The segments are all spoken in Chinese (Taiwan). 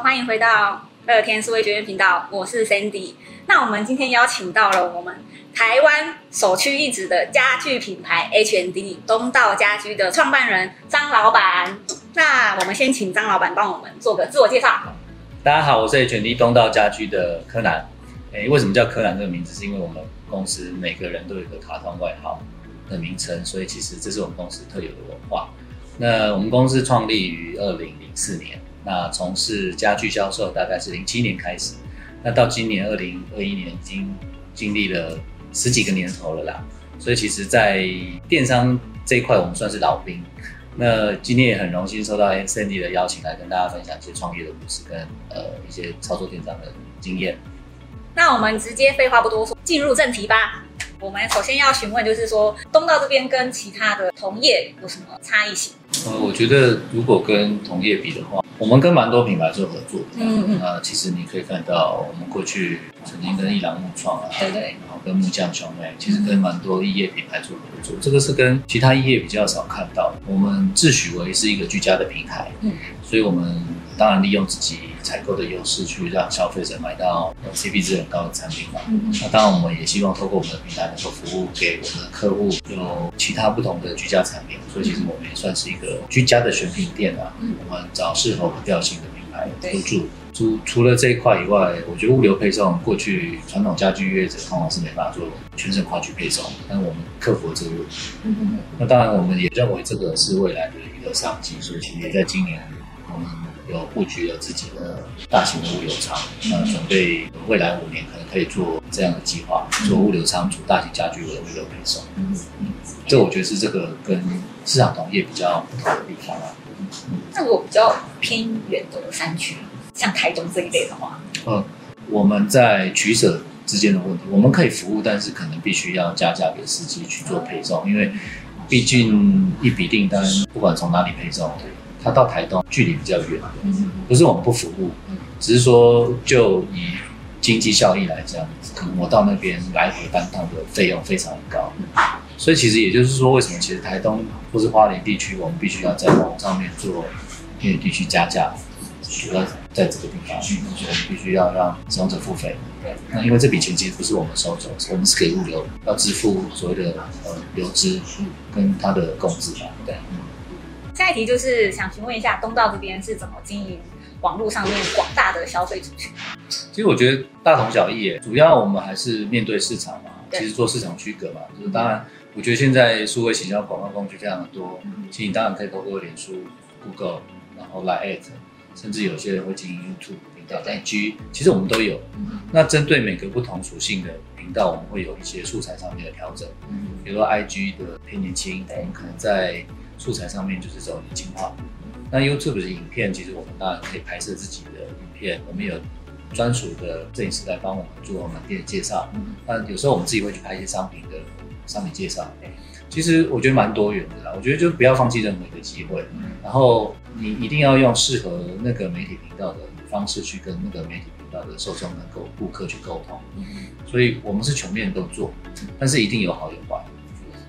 歡迎回到樂天數位學院頻道，我是 Sandy。那我們今天邀請到了我們台灣首屈一指的家具品牌 H&D 東稻家居的創辦人張老板。那我們先請張老板幫我們做個自我介紹。大家好，我是 H&D 東稻家居的柯南。哎、欸，為什麼叫柯南這個名字？是因為我們公司每個人都有一個卡通外號的名稱，所以其實這是我們公司特有的文化。那我們公司創立於二零零四年。那從事家具銷售大概是零七年開始，那到今年二零二一年已經經歷了十幾個年頭了啦。所以其實，在電商這一塊，我們算是老兵。那今天也很榮幸收到 Sandy 的邀請，來跟大家分享一些創業的故事跟呃一些操作電商的經驗。那我們直接廢話不多說，進入正題吧。我們首先要詢問，就是說東稻這邊跟其他的同業有什麼差異性？呃，我覺得如果跟同業比的話，我們跟蠻多品牌做合作嗯。嗯嗯。那其實你可以看到，我們過去曾經跟一郎木創啊，對對，然後跟木匠兄妹，其實跟蠻多異業品牌做合作。嗯、這個是跟其他異業比較少看到。我們自詡為是一個居家的平台，嗯，所以我們當然利用自己。採購的優勢去讓消費者買到 CP 值很高的產品嘛。嗯嗯，那當然，我們也希望透過我們的平台能夠服務給我們的客戶有其他不同的居家產品，所以其實我們也算是一個居家的選品店啊。嗯嗯，我們找適合我們調性的品牌入駐。嗯嗯，除除了這一塊以外，我覺得物流配送，過去傳統家居業者往往是沒辦法做全省跨區配送，但我們克服了這個。嗯嗯嗯，那當然，我們也認為這個是未來的一個商機，所以其實也在今年我們。有布局了自己的大型的物流倉，那準備未來五年可能可以做這樣的計劃，做物流倉儲、大型家具的物流配送。嗯嗯，這、嗯嗯、我覺得是這個跟市場同業比較不同的地方啊，那如果比較偏遠的山區，像台東這一類的話，嗯，我們在取捨之間的問題，我們可以服務，但是可能必須要加價給司機去做配送，因為畢竟一筆訂單不管從哪裡配送。他到台東距離比較遠，不是我們不服務，只是說就以經濟效益來講，可能我到那邊來回班到的費用非常高，嗯、所以其實也就是說，為什麼其實台東或是花蓮地區，我們必須要在網上面做偏遠地區加價，要在這個地方，所以我們必須要讓使用者付費。對，那因為這筆錢其實不是我們收走，我們是給物流要支付所謂的呃流資跟他的工資嘛，對。下一題就是想詢問一下東稻這邊是怎麼經營網絡上面廣大的消費族群？其實我覺得大同小異，主要我們還是面對市場嘛，其實做市場區隔嘛。對就是當然，我覺得現在數位行銷廣告工具非常多，嗯、其實你當然可以透過臉書、Google，然後 Line@，甚至有些人會經營 YouTube 頻道、IG，其實我們都有。嗯、那針對每個不同屬性的頻道，我們會有一些素材上面的調整，嗯、比如說 IG 的偏年輕，我們可能在，素材上面就是走年輕化。嗯、那 YouTube 的影片，其實我們當然可以拍攝自己的影片。我們有專屬的攝影師來幫我們做門店的介紹。嗯那有時候我們自己會去拍一些商品的商品介紹。嗯、其實我覺得蠻多元的啦。我覺得就不要放棄任何一個機會。嗯。然後你一定要用適合那個媒體頻道的方式去跟那個媒體頻道的受眾能夠顧客去溝通。嗯。所以我們是全面都做，嗯、但是一定有好有壞、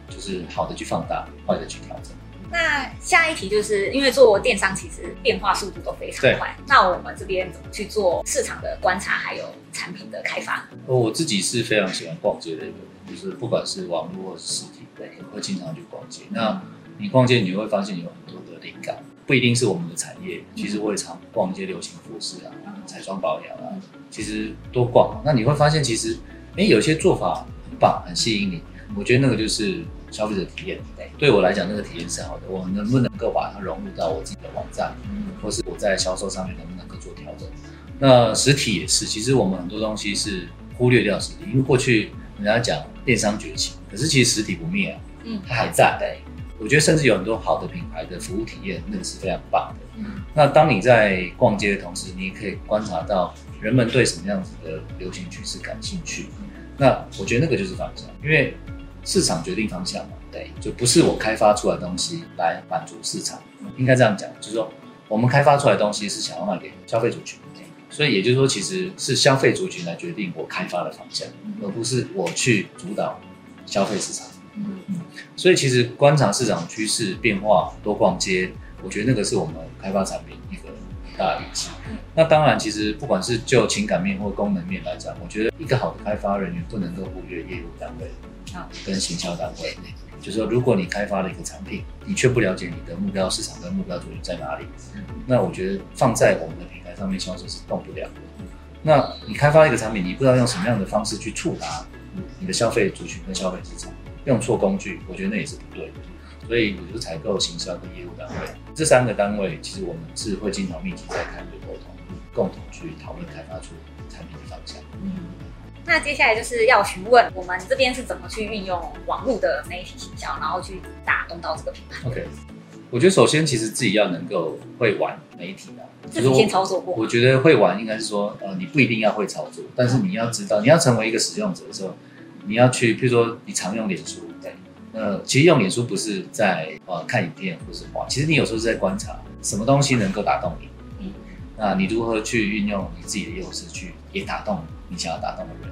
就是，就是好的去放大，壞的去調整。那下一題就是因為做電商，其實變化速度都非常快。對，那我們這邊怎麼去做市場的觀察，還有產品的開發？我自己是非常喜歡逛街的一個人，就是不管是網絡還是實體，我會經常去逛街。那你逛街，你會發現有很多的靈感，不一定是我們的產業。其實我也常逛一些流行服飾啊，啊，彩妝保養啊，其實多逛。那你會發現，其實哎，有些做法很棒，很吸引你。我覺得那個就是。消費者體驗，對我來講，那個體驗是好的。我能不能夠把它融入到我自己的網站，或是我在銷售上面能不能夠做調整？那實體也是，其實我們很多東西是忽略掉實體，因為過去人家講電商崛起，可是其實實體不滅啊，嗯，它還在。我覺得甚至有很多好的品牌的服務體驗，那個是非常棒的。嗯、那當你在逛街的同時，你也可以觀察到人們對什麼樣子的流行趨勢感興趣。嗯、那我覺得那個就是方向，因為。市場決定方向嘛，對，就不是我開發出來的東西來滿足市場，應該這樣講，就是說我們開發出來的東西是想要賣給消費族群，所以也就是說，其實是消費族群來決定我開發的方向，而不是我去主導消費市場。嗯嗯、所以其實觀察市場趨勢變化、多逛街，我覺得那個是我們開發產品一個大的依據、嗯、那當然，其實不管是就情感面或功能面來講，我覺得一個好的開發人員不能夠忽略業、業務單位。跟行銷單位，就是說，如果你開發了一個產品，你卻不了解你的目標市場跟目標族群在哪裡，嗯、那我覺得放在我們的平台上面銷售是動不了的。嗯、那你開發一個產品，你不知道用什麼樣的方式去觸達你的消費族群跟消費市場，用錯工具，我覺得那也是不對的。所以，比如採購、行銷跟業務單位、嗯、這三個單位，其實我們是會經常密集在開會溝通，共同去討論開發出產品的方向。嗯。那接下來就是要詢問我們這邊是怎麼去運用網絡的媒體行銷，然後去打動到這個品牌。OK，我覺得首先其實自己要能夠會玩媒體的，這是先操作過。我覺得會玩應該是說，呃，你不一定要會操作，但是你要知道，嗯、你要成為一個使用者的時候，你要去，比如說你常用臉書，在呃，其實用臉書不是在呃看影片、或是玩，其實你有時候是在觀察什麼東西能夠打動你，嗯，那你如何去運用你自己的優勢去也打動你，你想要打動的人，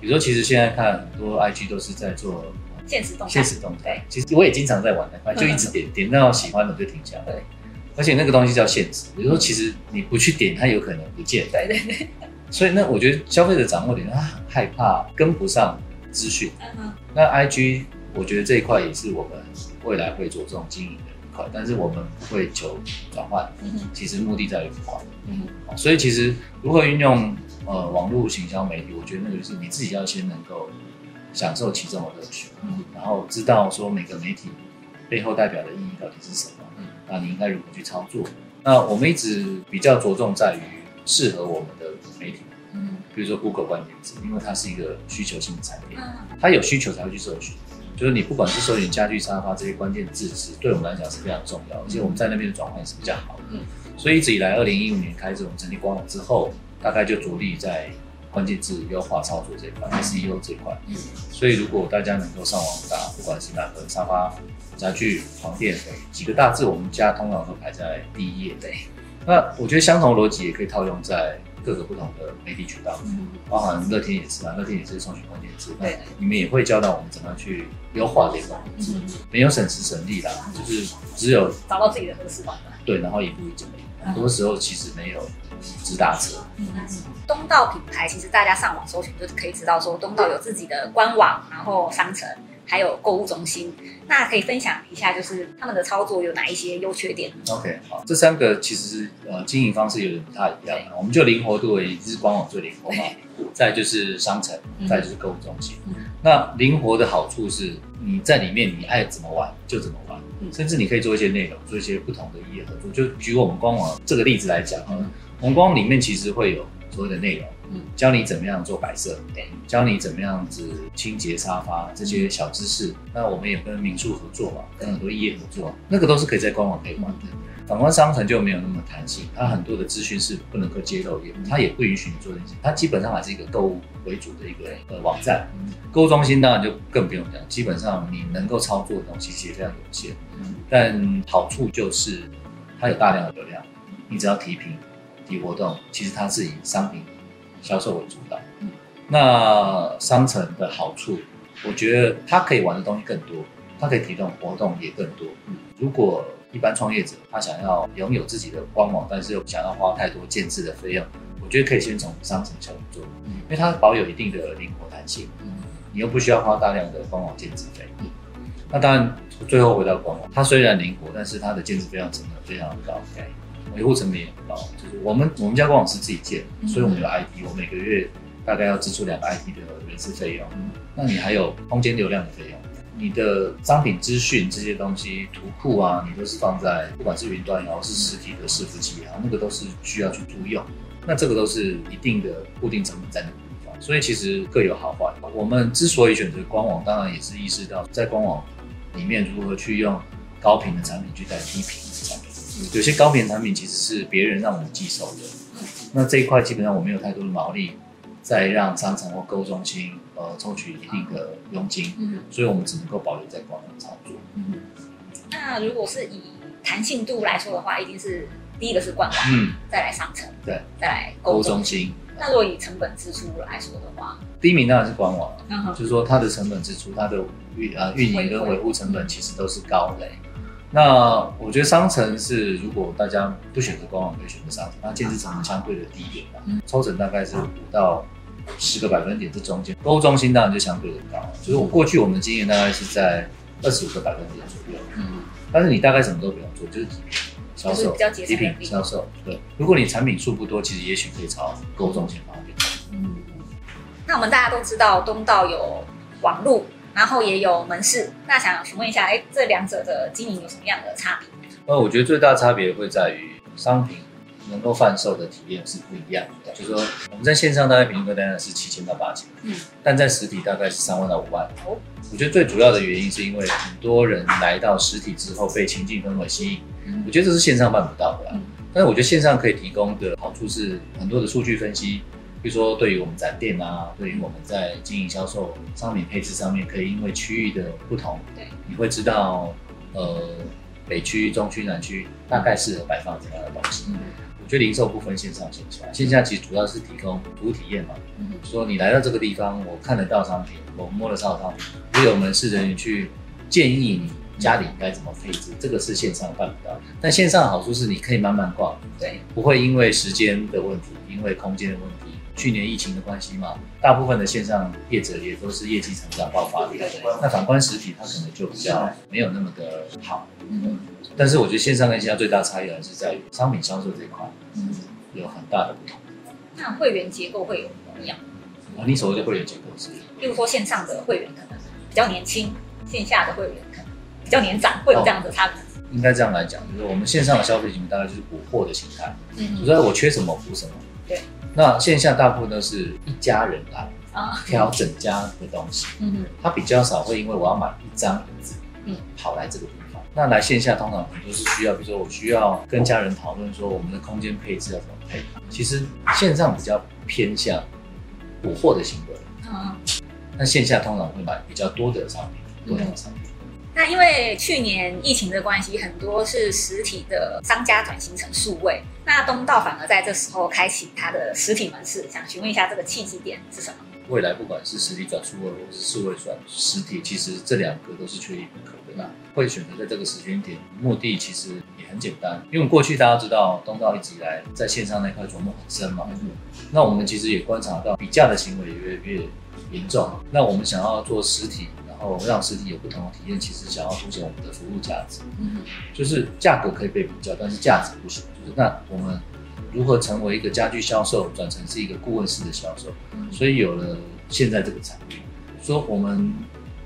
比如說，其實現在看很多 IG 都是在做限時動態，限時動態。對，其實我也經常在玩的，就一直點點到喜歡的就停下。對，嗯、而且那個東西叫限時，比如說，其實你不去點，它有可能不見。對對對。 所以那我覺得消費者掌握點，他很害怕跟不上資訊。嗯哼。那 IG 我覺得這一塊也是我們未來會着重的經營。但是我們不會求轉換，其實目的在於付款，嗯，所以其實如何運用呃網絡行銷媒體，我覺得那個就是你自己要先能夠享受其中的樂趣，嗯，然後知道說每個媒體背後代表的意義到底是什麼，嗯嗯，那你應該如何去操作？那我們一直比較着重在於適合我們的媒體，嗯，比如說 Google 關鍵字，因為它是一個需求性的產品，它有需求才會去搜尋。就是你不管是搜尋家具、沙發這些關鍵字詞，對我們來講是非常重要，而且我們在那邊的轉換也是比較好的。嗯，所以一直以來，二零一五年開始我們成立官網之後，大概就着力在關鍵字優化操作這一塊、SEO 這塊。嗯，以嗯所以如果大家能夠上網打，不管是哪個沙發、家具、床墊幾個大字，我們家通常都排在第一頁內。那我覺得相同邏輯也可以套用在。各個不同的媒體渠道，包含樂天也是啊，樂天也是送你關鍵詞。對，你們也會教導我們怎麼樣去優化這個文字沒有省時省力啦，嗯、就是只有找到自己的合適網站。對，然後也不會怎麼樣。很多時候其實沒有直達車。嗯嗯、東道品牌其實大家上網搜尋就可以知道說，說東道有自己的官網，然後商城，還有購物中心，那可以分享一下，就是他們的操作有哪一些優缺點？OK，好，這三個其實呃經營方式有點不太一樣、啊，對我們就靈活度也是官網最靈活嘛，對再就是商城，嗯、再就是購物中心。嗯、那靈活的好處是，你在裡面你愛怎麼玩就怎麼玩，嗯、甚至你可以做一些內容，做一些不同的異業合作。就舉我們官網這個例子來講、嗯、官網裡面其實會有所謂的內容。嗯、教你怎麼樣做擺設，欸，教你怎麼樣子清潔沙發這些小知識。嗯、那我們也跟民宿合作嘛，嗯、跟很多異業合作，嗯、那個都是可以在官網可以玩的。嗯、反觀商城就沒有那麼彈性，它很多的資訊是不能夠接受的，嗯、它也不允許你做那些，它基本上還是一個購物為主的一個、嗯、呃網站。購、嗯、物中心當然就更不用講，基本上你能夠操作的東西其實非常有限。嗯、但好處就是，它有大量的流量，你只要提品、提活動，其實它是以商品。銷售為主導，嗯、那商城的好處，我覺得它可以玩的東西更多，它可以提供活動也更多。嗯、如果一般創業者他想要擁有自己的官網，但是又不想要花太多建制的費用，我覺得可以先從商城切入做，嗯、因為它保有一定的靈活彈性，嗯、你又不需要花大量的官網建制費、嗯、那當然最後回到官網，它雖然靈活，但是它的建制費用真的非常高。維護成本也很高，就是我們我們家官網是自己建的，所以我們有 ID 我每個月大概要支出兩個 ID 的人事費用。那你還有空間流量的費用，你的商品資訊這些東西、圖庫啊，你都是放在不管是雲端也好，是實體的伺服器也好，那個都是需要去租用。那這個都是一定的固定成本在那個地方，所以其實各有好壞。我們之所以選擇官網，當然也是意識到在官網裡面如何去用高頻的產品去代替低頻的產品。有些高品產品其實是別人讓我們寄售的，那這一塊基本上我沒有太多的毛利，再讓商城或購物中心呃抽取一定的佣金，所以我們只能夠保留在官網操作。那如果是以彈性度來說的話，一定是第一個是官網，再來商城，對，再來購物中心。那如果以成本支出來說的話，第一名當然是官網，就是說它的成本支出、它的運呃運營跟維護成本其實都是高的。那我覺得商城是，如果大家不選擇官網，可以選擇商城。那建置成本相對的低一點吧、啊，抽成大概是五到十個百分點，這中間購物中心當然就相對的高，就是我過去我們的經驗大概是在二十五個百分點左右。嗯，但是你大概什麼都不要做，就是銷售，就是比較節省。禮品銷售，對，如果你產品數不多，其實也許可以朝購物中心方面。嗯，那我們大家都知道東稻有網路。然後也有門市，那想詢問一下，哎，這兩者的經營有什麼樣的差別？呃，我覺得最大差別會在於商品能夠販售的體驗是不一樣的。就是說我們在線上大概平均客單價是七千到八千，嗯，但在實體大概是三萬到五萬。哦，我覺得最主要的原因是因為很多人來到實體之後被情境氛圍吸引，嗯，我覺得這是線上辦不到的，嗯，但是我覺得線上可以提供的好處是很多的數據分析。比如說，對於我們展店啊，對於我們在經營、銷售商品配置上面，可以因為區域的不同，對，你會知道，呃，北區、中區、南區大概適合擺放怎樣的東西。嗯，我覺得零售不分線上、線上、線下，線下其實主要是提供服務體驗嘛。嗯哼，說你來到這個地方，我看得到商品，我摸得到商品，所以我們是人員去建議你家裡應該怎麼配置，嗯、這個是線上辦不到，但線上的好處是你可以慢慢逛，對，不會因為時間的問題，因為空間的問題。去年疫情的關係嘛，大部分的線上業者也都是業績成長爆發的。對對對對，那反觀實體，它可能就比較沒有那麼的好。是啊、嗯。但是我覺得線上跟線下最大差異還是在於商品銷售這塊，嗯嗯，有很大的不同。那會員結構會有不一樣、啊、你所謂的會員結構是，例如說線上的會員可能比較年輕，線下的會員可能比較年長，會有這樣的差、哦、應該這樣來講，就是我們線上的消費型大概就是補貨的形態。嗯。你說我缺什麼補什麼。對。那線下大部分都是一家人來啊，挑、哦、整家的東西，嗯，他比較少會因為我要買一張椅子，嗯，跑來這個地方。嗯、那來線下通常都是需要，比如說我需要跟家人討論說我們的空間配置要怎麼配。其實線上比較偏向補貨的行為，嗯，那線下通常會買比較多的商品，多樣的商品、嗯。那因為去年疫情的關係，很多是實體的商家轉型成數位。那東稻反而在這時候開啟它的實體門市，想詢問一下這個契機點是什麼？未來不管是實體轉數位或者是數位轉實體，其實這兩個都是缺一不可的。那會選擇在這個時間點，目的其實也很簡單，因為過去大家知道，東稻一直以來在線上那塊琢磨很深嘛。那我們其實也觀察到，比價的行為也越來越嚴重。那我們想要做實體。然後讓實體有不同的體驗，其實想要凸顯我們的服務價值，嗯，就是價格可以被比較，但是價值不行，就是那我們如何成為一個家居銷售，轉成是一個顧問式的銷售？嗯，所以有了現在這個產品，說我們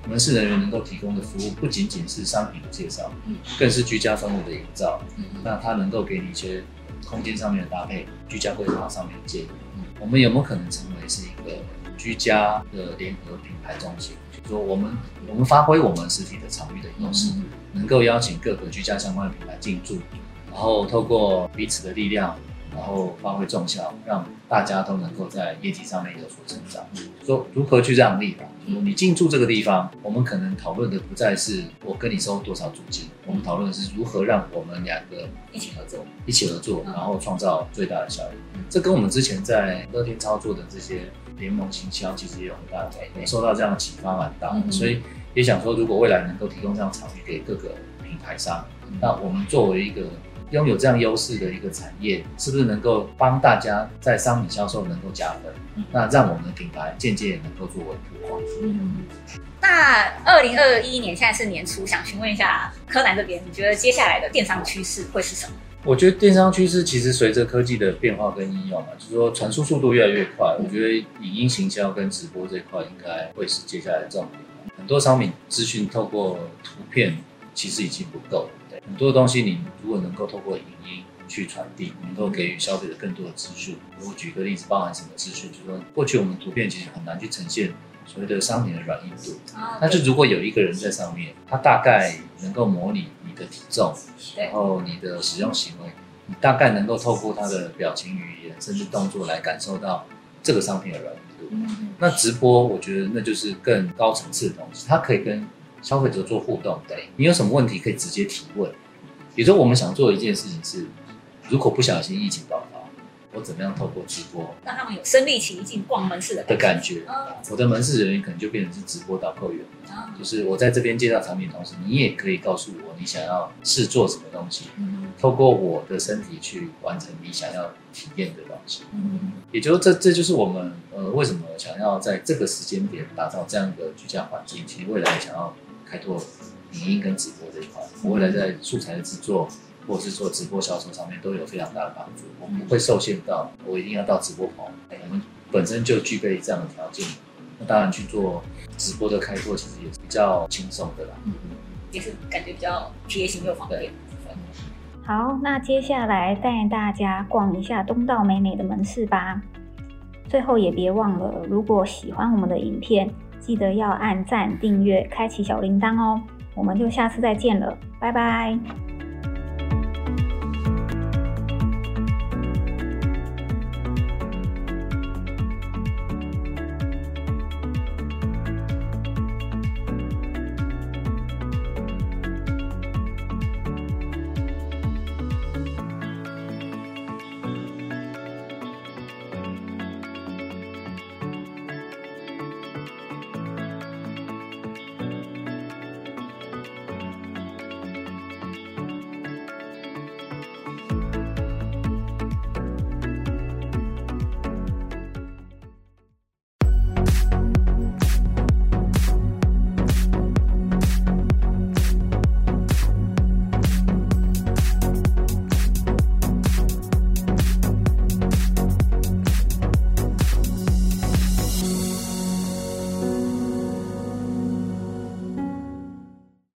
門市人員能夠提供的服務不僅僅是商品的介紹，嗯，更是居家氛圍的營造，嗯，那它能夠給你一些空間上面的搭配，居家規劃上面的建議，嗯，我們有沒有可能成為是一個？居家的聯合品牌中心，就是、說我們我們發揮我們實體的場域的優勢，嗯、能夠邀請各個居家相關的品牌進駐，然後透過彼此的力量，然後發揮綜效，讓大家都能夠在業績上面有所成長。嗯、說如何去讓利吧，嗯、就是說你進駐這個地方，我們可能討論的不再是我跟你收多少租金，嗯、我們討論的是如何讓我們兩個一起合作，一起合作，然後創造最大的效益。嗯、這跟我們之前在樂天操作的這些。聯盟行銷其實也有很大的受對到這樣的啟發蠻大的。對所以也想說，如果未來能夠提供這樣場域給各個品牌商，嗯、那我們作為一個擁有這樣優勢的一個產業，是不是能夠幫大家在商品銷售能夠加分？嗯、那讓我們的品牌漸漸也能夠做穩固化。嗯嗯、那二零二一年現在是年初，想詢問一下柯南這邊，你覺得接下來的電商趨勢會是什麼？嗯我覺得電商趨勢其實隨着科技的變化跟應用嘛，就是說傳輸速度越來越快。我覺得影音行銷跟直播這塊應該會是接下來的重點。很多商品資訊透過圖片其實已經不夠了，很多東西你如果能夠透過影音去傳遞，能夠給予消費者更多的資訊。我舉個例子，包含什麼資訊？就是說，過去我們圖片其實很難去呈現。所謂的商品的軟硬度，那就如果有一個人在上面，他大概能夠模擬你的體重，然後你的使用行為，你大概能夠透過他的表情、語言，甚至動作來感受到這個商品的軟硬度。那直播，我覺得那就是更高層次的東西，它可以跟消費者做互動，對，你有什麼問題可以直接提問。比如說我們想做一件事情是，如果不小心疫情爆。我怎麼樣透過直播，讓他們有身臨其境逛門市的感覺？我的門市人員可能就變成是直播導購員，就是我在這邊介紹產品，同時你也可以告訴我你想要試做什麼東西，透過我的身體去完成你想要體驗的東西。嗯，也就這這就是我們呃為什麼想要在這個時間點打造這樣一個居家環境？其實未來想要開拓影音跟直播這一塊，我未來在素材的製作，或者是做直播銷售上面都有非常大的幫助。我們不會受限到、嗯、我一定要到直播棚、哎，我們本身就具備這樣的條件，當然去做直播的開拓其實也是比較輕鬆的啦。嗯嗯，嗯也是感覺比較專業性又方便。嗯、好，那接下來帶大家逛一下東稻美美的門市吧。最後也別忘了，如果喜歡我們的影片，記得要按讚、訂閱、開啟小鈴鐺哦。我們就下次再見了，拜拜。